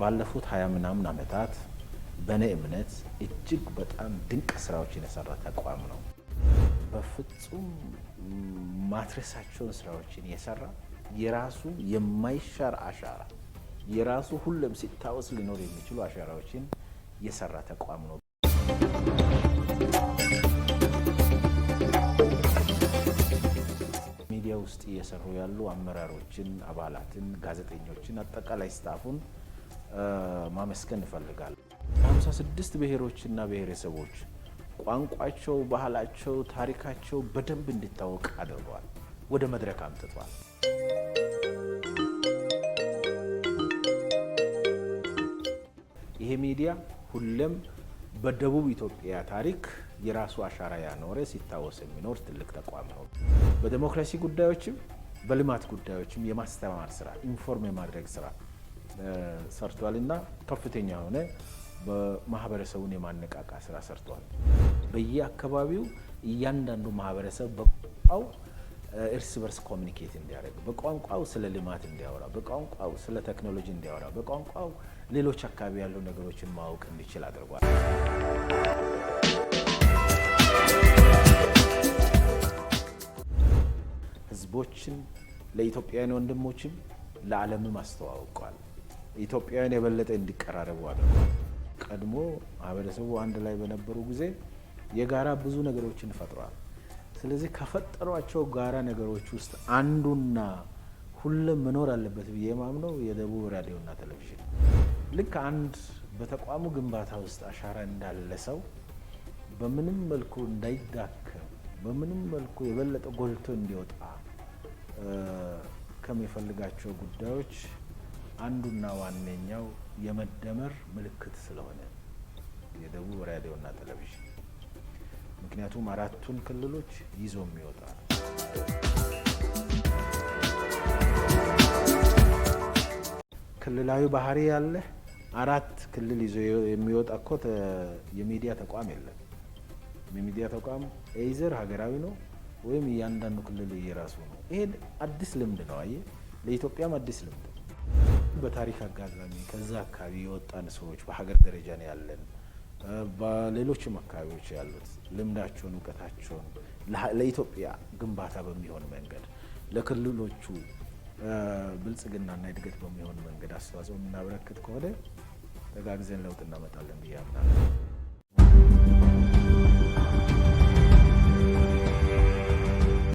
ባለፉት ሀያ ምናምን ዓመታት በእኔ እምነት እጅግ በጣም ድንቅ ስራዎችን የሰራ ተቋም ነው። በፍጹም ማትረሳቸውን ስራዎችን የሰራ የራሱ የማይሻር አሻራ የራሱ ሁሉም ሲታወስ ሊኖር የሚችሉ አሻራዎችን የሰራ ተቋም ነው። ሚዲያ ውስጥ እየሰሩ ያሉ አመራሮችን፣ አባላትን፣ ጋዜጠኞችን፣ አጠቃላይ ስታፉን ማመስገን እፈልጋለሁ። ሀምሳ ስድስት ብሔሮችና ብሔረሰቦች ቋንቋቸው፣ ባህላቸው፣ ታሪካቸው በደንብ እንዲታወቅ አድርገዋል፣ ወደ መድረክ አምጥቷል። ይሄ ሚዲያ ሁሌም በደቡብ ኢትዮጵያ ታሪክ የራሱ አሻራ ያኖረ ሲታወስ የሚኖር ትልቅ ተቋም ነው። በዴሞክራሲ ጉዳዮችም በልማት ጉዳዮችም የማስተማር ስራ ኢንፎርም የማድረግ ስራ ሰርቷል እና ከፍተኛ የሆነ በማህበረሰቡን የማነቃቃ ስራ ሰርቷል። በየአካባቢው እያንዳንዱ ማህበረሰብ በቋንቋው እርስ በርስ ኮሚኒኬት እንዲያደርግ፣ በቋንቋው ስለ ልማት እንዲያወራ፣ በቋንቋው ስለ ቴክኖሎጂ እንዲያወራ፣ በቋንቋው ሌሎች አካባቢ ያሉ ነገሮችን ማወቅ እንዲችል አድርጓል። ህዝቦችን ለኢትዮጵያውያን ወንድሞችም ለዓለምም አስተዋውቋል። ኢትዮጵያውያን የበለጠ እንዲቀራረቡ አድርጓል። ቀድሞ ማህበረሰቡ አንድ ላይ በነበሩ ጊዜ የጋራ ብዙ ነገሮችን ፈጥሯል። ስለዚህ ከፈጠሯቸው ጋራ ነገሮች ውስጥ አንዱና ሁሉም መኖር አለበት ብዬ የማምነው የደቡብ ራዲዮና ቴሌቪዥን ልክ አንድ በተቋሙ ግንባታ ውስጥ አሻራ እንዳለ ሰው በምንም መልኩ እንዳይዳከም በምንም መልኩ የበለጠ ጎልቶ እንዲወጣ ከሚፈልጋቸው ጉዳዮች አንዱና ዋነኛው የመደመር ምልክት ስለሆነ የደቡብ ራዲዮና ቴሌቪዥን ምክንያቱም አራቱን ክልሎች ይዞ የሚወጣ ክልላዊ ባህሪ ያለ አራት ክልል ይዞ የሚወጣ እኮ የሚዲያ ተቋም የለም። የሚዲያ ተቋም ኤይዘር ሀገራዊ ነው ወይም እያንዳንዱ ክልል የራሱ ነው። ይሄ አዲስ ልምድ ነው። አየህ፣ ለኢትዮጵያም አዲስ ልምድ በታሪክ አጋጣሚ ከዛ አካባቢ የወጣን ሰዎች በሀገር ደረጃ ነው ያለን፣ በሌሎችም አካባቢዎች ያሉት ልምዳቸውን፣ እውቀታቸውን ለኢትዮጵያ ግንባታ በሚሆን መንገድ ለክልሎቹ ብልጽግናና እድገት በሚሆን መንገድ አስተዋጽኦ የምናበረክት ከሆነ ተጋግዘን ለውጥ እናመጣለን ብዬ አምናለሁ።